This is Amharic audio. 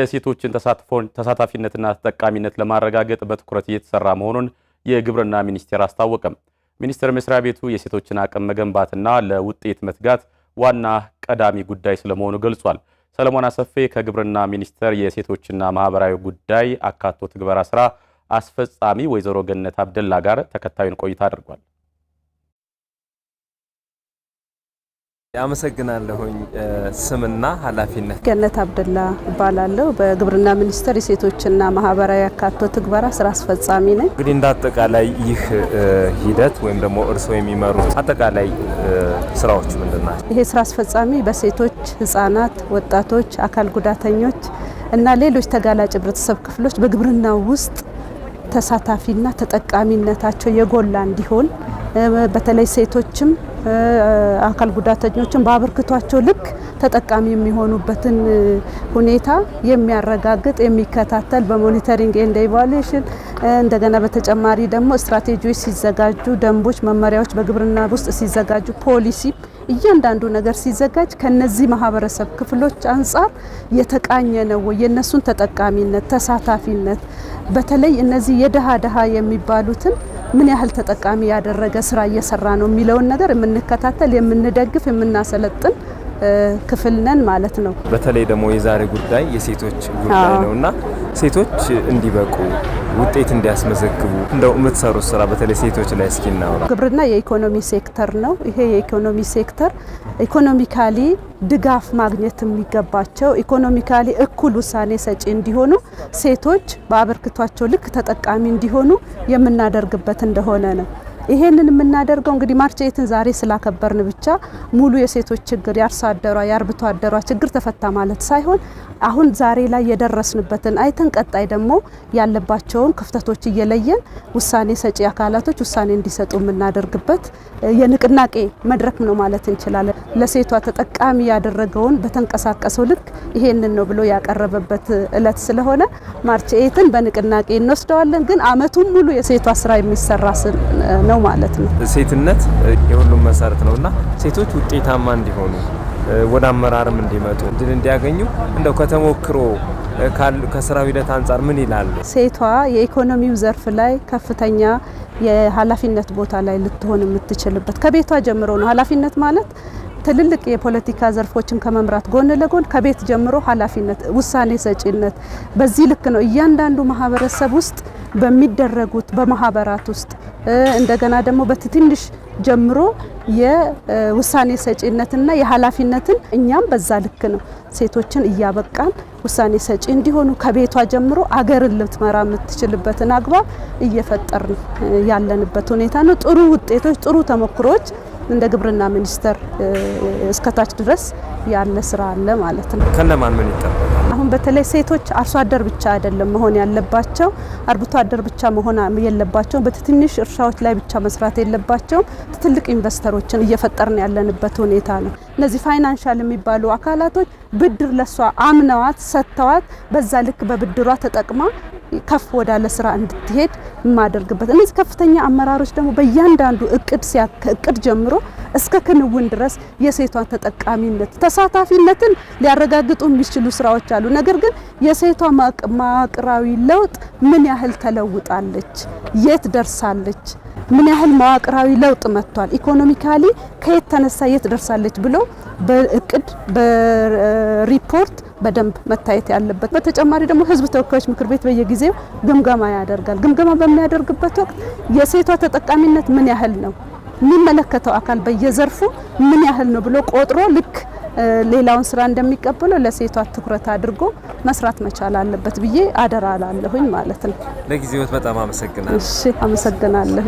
የሴቶችን ተሳታፊነትና ተጠቃሚነት ለማረጋገጥ በትኩረት እየተሰራ መሆኑን የግብርና ሚኒስቴር አስታወቀም። ሚኒስቴር መስሪያ ቤቱ የሴቶችን አቅም መገንባትና ለውጤት መትጋት ዋና ቀዳሚ ጉዳይ ስለመሆኑ ገልጿል። ሰለሞን አሰፌ ከግብርና ሚኒስቴር የሴቶችና ማህበራዊ ጉዳይ አካቶ ትግበራ ስራ አስፈጻሚ ወይዘሮ ገነት አብደላ ጋር ተከታዩን ቆይታ አድርጓል። አመሰግናለሁኝ። ስምና ኃላፊነት ገነት አብደላ እባላለሁ። በግብርና ሚኒስቴር የሴቶችና ማህበራዊ አካቶ ትግበራ ስራ አስፈጻሚ ነኝ። እንግዲህ እንደ አጠቃላይ ይህ ሂደት ወይም ደግሞ እርስዎ የሚመሩት አጠቃላይ ስራዎች ምንድን ናቸው? ይሄ ስራ አስፈጻሚ በሴቶች ህጻናት፣ ወጣቶች፣ አካል ጉዳተኞች እና ሌሎች ተጋላጭ ህብረተሰብ ክፍሎች በግብርናው ውስጥ ተሳታፊና ተጠቃሚነታቸው የጎላ እንዲሆን በተለይ ሴቶችም አካል ጉዳተኞችን በአበርክቷቸው ልክ ተጠቃሚ የሚሆኑበትን ሁኔታ የሚያረጋግጥ የሚከታተል በሞኒተሪንግ ኤንድ ኢቫሉዌሽን እንደገና በተጨማሪ ደግሞ ስትራቴጂዎች ሲዘጋጁ፣ ደንቦች፣ መመሪያዎች በግብርና ውስጥ ሲዘጋጁ፣ ፖሊሲ እያንዳንዱ ነገር ሲዘጋጅ ከነዚህ ማህበረሰብ ክፍሎች አንጻር የተቃኘ ነው ወይ የእነሱን ተጠቃሚነት ተሳታፊነት በተለይ እነዚህ የድሃ ድሃ የሚባሉትን ምን ያህል ተጠቃሚ ያደረገ ስራ እየሰራ ነው የሚለውን ነገር የምንከታተል፣ የምንደግፍ፣ የምናሰለጥን ክፍል ነን ማለት ነው። በተለይ ደግሞ የዛሬ ጉዳይ የሴቶች ጉዳይ ነውና ሴቶች እንዲበቁ ውጤት እንዲያስመዘግቡ እንደው የምትሰሩ ስራ በተለይ ሴቶች ላይ እስኪ እናውራ። ግብርና የኢኮኖሚ ሴክተር ነው። ይሄ የኢኮኖሚ ሴክተር ኢኮኖሚካሊ ድጋፍ ማግኘት የሚገባቸው ኢኮኖሚካሊ እኩል ውሳኔ ሰጪ እንዲሆኑ ሴቶች በአበርክቷቸው ልክ ተጠቃሚ እንዲሆኑ የምናደርግበት እንደሆነ ነው። ይሄንን የምናደርገው እንግዲህ ማርች ዛሬ ስላከበርን ብቻ ሙሉ የሴቶች ችግር የአርሶ አደሯ የአርብቶ አደሯ ችግር ተፈታ ማለት ሳይሆን አሁን ዛሬ ላይ የደረስንበትን አይተን ቀጣይ ደግሞ ያለባቸውን ክፍተቶች እየለየን ውሳኔ ሰጪ አካላቶች ውሳኔ እንዲሰጡ የምናደርግበት የንቅናቄ መድረክ ነው ማለት እንችላለን። ለሴቷ ተጠቃሚ ያደረገውን በተንቀሳቀሰው ልክ ይሄንን ነው ብሎ ያቀረበበት እለት ስለሆነ ማርች ኤትን በንቅናቄ እንወስደዋለን። ግን አመቱን ሙሉ የሴቷ ስራ የሚሰራ ነው ማለት ነው። ሴትነት የሁሉም መሰረት ነውና ሴቶች ውጤታማ እንዲሆኑ ወደ አመራርም እንዲመጡ እድል እንዲያገኙ እንደው ከተሞክሮ ከስራው ሂደት አንጻር ምን ይላሉ? ሴቷ የኢኮኖሚው ዘርፍ ላይ ከፍተኛ የኃላፊነት ቦታ ላይ ልትሆን የምትችልበት ከቤቷ ጀምሮ ነው። ኃላፊነት ማለት ትልልቅ የፖለቲካ ዘርፎችን ከመምራት ጎን ለጎን ከቤት ጀምሮ ኃላፊነት፣ ውሳኔ ሰጪነት በዚህ ልክ ነው። እያንዳንዱ ማህበረሰብ ውስጥ በሚደረጉት በማህበራት ውስጥ እንደገና ደግሞ በትንሽ ጀምሮ የውሳኔ ሰጪነትና የኃላፊነትን እኛም በዛ ልክ ነው ሴቶችን እያበቃን ውሳኔ ሰጪ እንዲሆኑ ከቤቷ ጀምሮ አገርን ልትመራ የምትችልበትን አግባብ እየፈጠርን ያለንበት ሁኔታ ነው። ጥሩ ውጤቶች፣ ጥሩ ተሞክሮዎች እንደ ግብርና ሚኒስቴር እስከታች ድረስ ያለ ስራ አለ ማለት ነው። ከነማን ምን ይጠበቃል? አሁን በተለይ ሴቶች አርሶ አደር ብቻ አይደለም መሆን ያለባቸው፣ አርብቶ አደር ብቻ መሆን የለባቸውም። በትንሽ እርሻዎች ላይ ብቻ መስራት የለባቸውም። ትልቅ ኢንቨስተሮችን እየፈጠርን ያለንበት ሁኔታ ነው። እነዚህ ፋይናንሻል የሚባሉ አካላቶች ብድር ለሷ አምነዋት ሰጥተዋት፣ በዛ ልክ በብድሯ ተጠቅማ ከፍ ወዳለ ስራ እንድትሄድ የማደርግበት እነዚህ ከፍተኛ አመራሮች ደግሞ በእያንዳንዱ እቅድ ከእቅድ ጀምሮ እስከ ክንውን ድረስ የሴቷን ተጠቃሚነት ተሳታፊነትን ሊያረጋግጡ የሚችሉ ስራዎች አሉ። ነገር ግን የሴቷ መዋቅራዊ ለውጥ ምን ያህል ተለውጣለች? የት ደርሳለች? ምን ያህል መዋቅራዊ ለውጥ መጥቷል? ኢኮኖሚካሊ ከየት ተነሳ የት ደርሳለች ብሎ በእቅድ በሪፖርት በደንብ መታየት ያለበት። በተጨማሪ ደግሞ ህዝብ ተወካዮች ምክር ቤት በየጊዜው ግምገማ ያደርጋል። ግምገማ በሚያደርግበት ወቅት የሴቷ ተጠቃሚነት ምን ያህል ነው፣ የሚመለከተው አካል በየዘርፉ ምን ያህል ነው ብሎ ቆጥሮ ልክ ሌላውን ስራ እንደሚቀበለው ለሴቷ ትኩረት አድርጎ መስራት መቻል አለበት ብዬ አደራ ላለሁኝ ማለት ነው። ለጊዜዎት በጣም አመሰግናለሁ። እሺ አመሰግናለሁ።